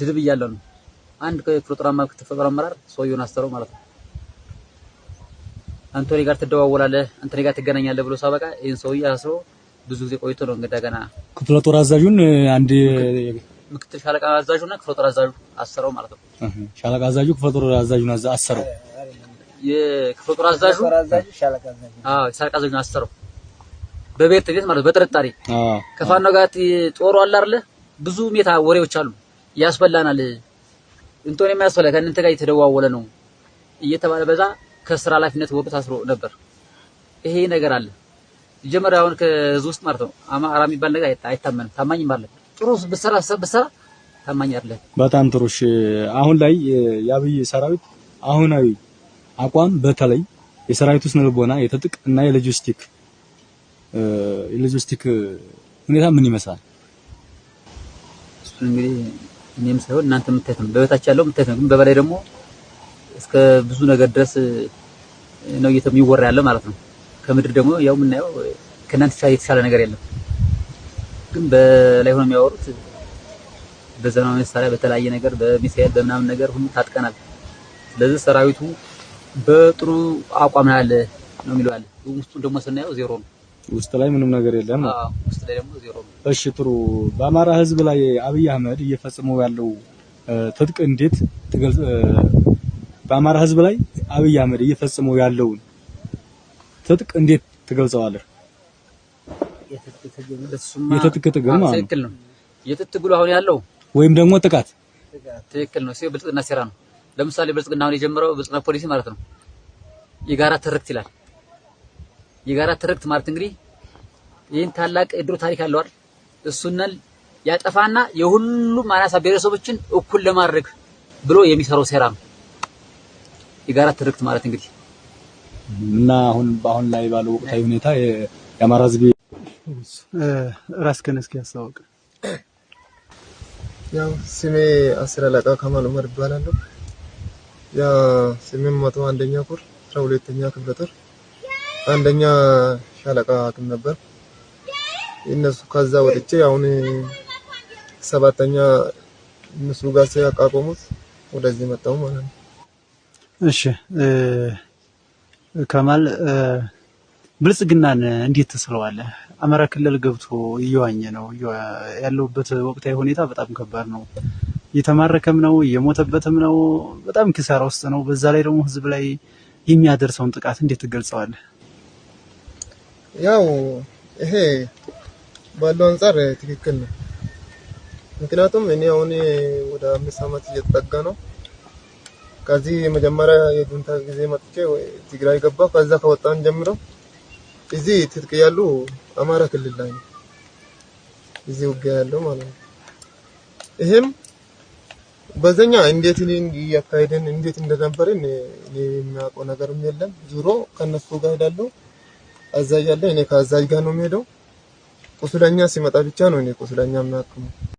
ድል ብያለሁ ነው። አንድ ክፍለ ጦር አመራር ክፍለ ጦር አመራር ሰውየውን አሰረው ማለት ነው። አንቶኒ ጋር ትደዋወላለህ፣ አንቶኒ ጋር ትገናኛለህ ብሎ ሳበቃ ይህን ሰውዬ አስሮ ብዙ ጊዜ ቆይቶ ነው እንግዳ ገና ክፍለ ጦር አዛዡን አንድ ምክትል ሻለቃ አዛዡና ክፍለ ጦር አዛዡ አሰረው ማለት ነው። ሻለቃ አዛዡ ክፍለ ጦር አዛዡን አሰረው፣ የክፍለ ጦር አዛዡ ሻለቃ አዛዡን አሰረው በቤት ቤት ማለት በጥርጣሬ ከፋኖ ጋር ጦሩ አለ አይደለ ብዙ ሜታ ወሬዎች አሉ ያስበላናል እንቶን የሚያስበላ ከእናንተ ጋር እየተደዋወለ ነው እየተባለ በዛ ከስራ ኃላፊነት ወቅት ታስሮ ነበር። ይሄ ነገር አለ ጀመር አሁን ከዚህ ውስጥ ማለት ነው። አማራ የሚባል ነገር አይታመንም። ታማኝ ማለት ጥሩ ብሰራ ብሰራ ታማኝ አይደለ። በጣም ጥሩሽ። አሁን ላይ የአብይ ሰራዊት አሁናዊ አቋም በተለይ የሰራዊቱ ስነ ልቦና የትጥቅ እና የሎጂስቲክ የሎጂስቲክ ሁኔታ ምን ይመስላል? እንግዲህ እኔም ሳይሆን እናንተ የምታዩት ነው። በበታች ያለው የምታዩት ነው፣ ግን በበላይ ደግሞ እስከ ብዙ ነገር ድረስ ነው የሚወራ ያለው ማለት ነው። ከምድር ደግሞ ያው የምናየው ከእናንተ የተሻለ ነገር የለም። ግን በላይ ሆነው የሚያወሩት በዘመናዊ መሳሪያ፣ በተለያየ ነገር፣ በሚሳኤል በምናምን ነገር ሁሉ ታጥቀናል። ስለዚህ ሰራዊቱ በጥሩ አቋም ያለ ነው የሚለው አለ። ውስጡን ደግሞ ስናየው ዜሮ ነው። ውስጥ ላይ ምንም ነገር የለም። ውስጥ ላይ ደግሞ ዜሮ። እሺ ጥሩ። በአማራ ህዝብ ላይ አብይ አህመድ እየፈጸመው ያለው ትጥቅ እንዴት ትገልጽ? በአማራ ህዝብ ላይ አብይ አህመድ እየፈጸመው ያለውን ትጥቅ እንዴት ትገልጸዋለህ? የትጥቅ ትግል ማለት ነው። የትጥቅ ትግሉ አሁን ያለው ወይም ደግሞ ጥቃት ትክክል ነው። ብልጽግና ሴራ ነው። ለምሳሌ ብልጽግና አሁን የጀመረው ብልጽግና ፖሊሲ ማለት ነው የጋራ ትርክት ይላል የጋራ ትርክት ማለት እንግዲህ ይህን ታላቅ የድሮ ታሪክ ያለው አይደል እሱነን ያጠፋና የሁሉም አናሳ ብሔረሰቦችን እኩል ለማድረግ ብሎ የሚሰራው ሴራ ነው የጋራ ትርክት ማለት እንግዲህ እና አሁን በአሁን ላይ ባለው ወቅታዊ ሁኔታ የአማራ ህዝብ ራስ እስኪ ያስታውቅ። ያው ስሜ አስር አለቃ ከማል ዑመር ይባላለሁ። ያ ስሜም መቶ አንደኛ ኮር አስራ ሁለተኛ ክፍለ ጦር አንደኛ ሻለቃ ሐኪም ነበር እነሱ። ከዛ ወጥቼ አሁን ሰባተኛ እነሱ ጋር ሲያቋቁሙት ወደዚህ መጣሁ ማለት ነው። እሺ ከማል ብልጽግናን እንዴት ትስለዋለህ? አማራ ክልል ገብቶ እየዋኘ ነው ያለውበት ወቅታዊ ሁኔታ በጣም ከባድ ነው። እየተማረከም ነው፣ እየሞተበትም ነው። በጣም ኪሳራ ውስጥ ነው። በዛ ላይ ደግሞ ህዝብ ላይ የሚያደርሰውን ጥቃት እንዴት ትገልጸዋለህ? ያው ይሄ ባለው አንጻር ትክክል ነው። ምክንያቱም እኔ አሁን ወደ አምስት ዓመት እየተጠጋ ነው። ከዚህ መጀመሪያ የጁንታ ጊዜ መጥቼ ትግራይ ገባ። ከዛ ከወጣን ጀምሮ እዚህ ትጥቅ ያሉ አማራ ክልል ላይ ነው እዚህ ውጊያ ያለው ማለት ነው። ይሄም በዘኛ እንዴት እያካሄድን እንዴት እንደነበርን እኔ የሚያውቀው ነገርም የለም። ዙሮ ከነሱ ጋር ሄዳለሁ። አዛዥ አለ። እኔ ከአዛዥ ጋር ነው የምሄደው። ቁስለኛ ሲመጣ ብቻ ነው እኔ ቁስለኛ የማክመው።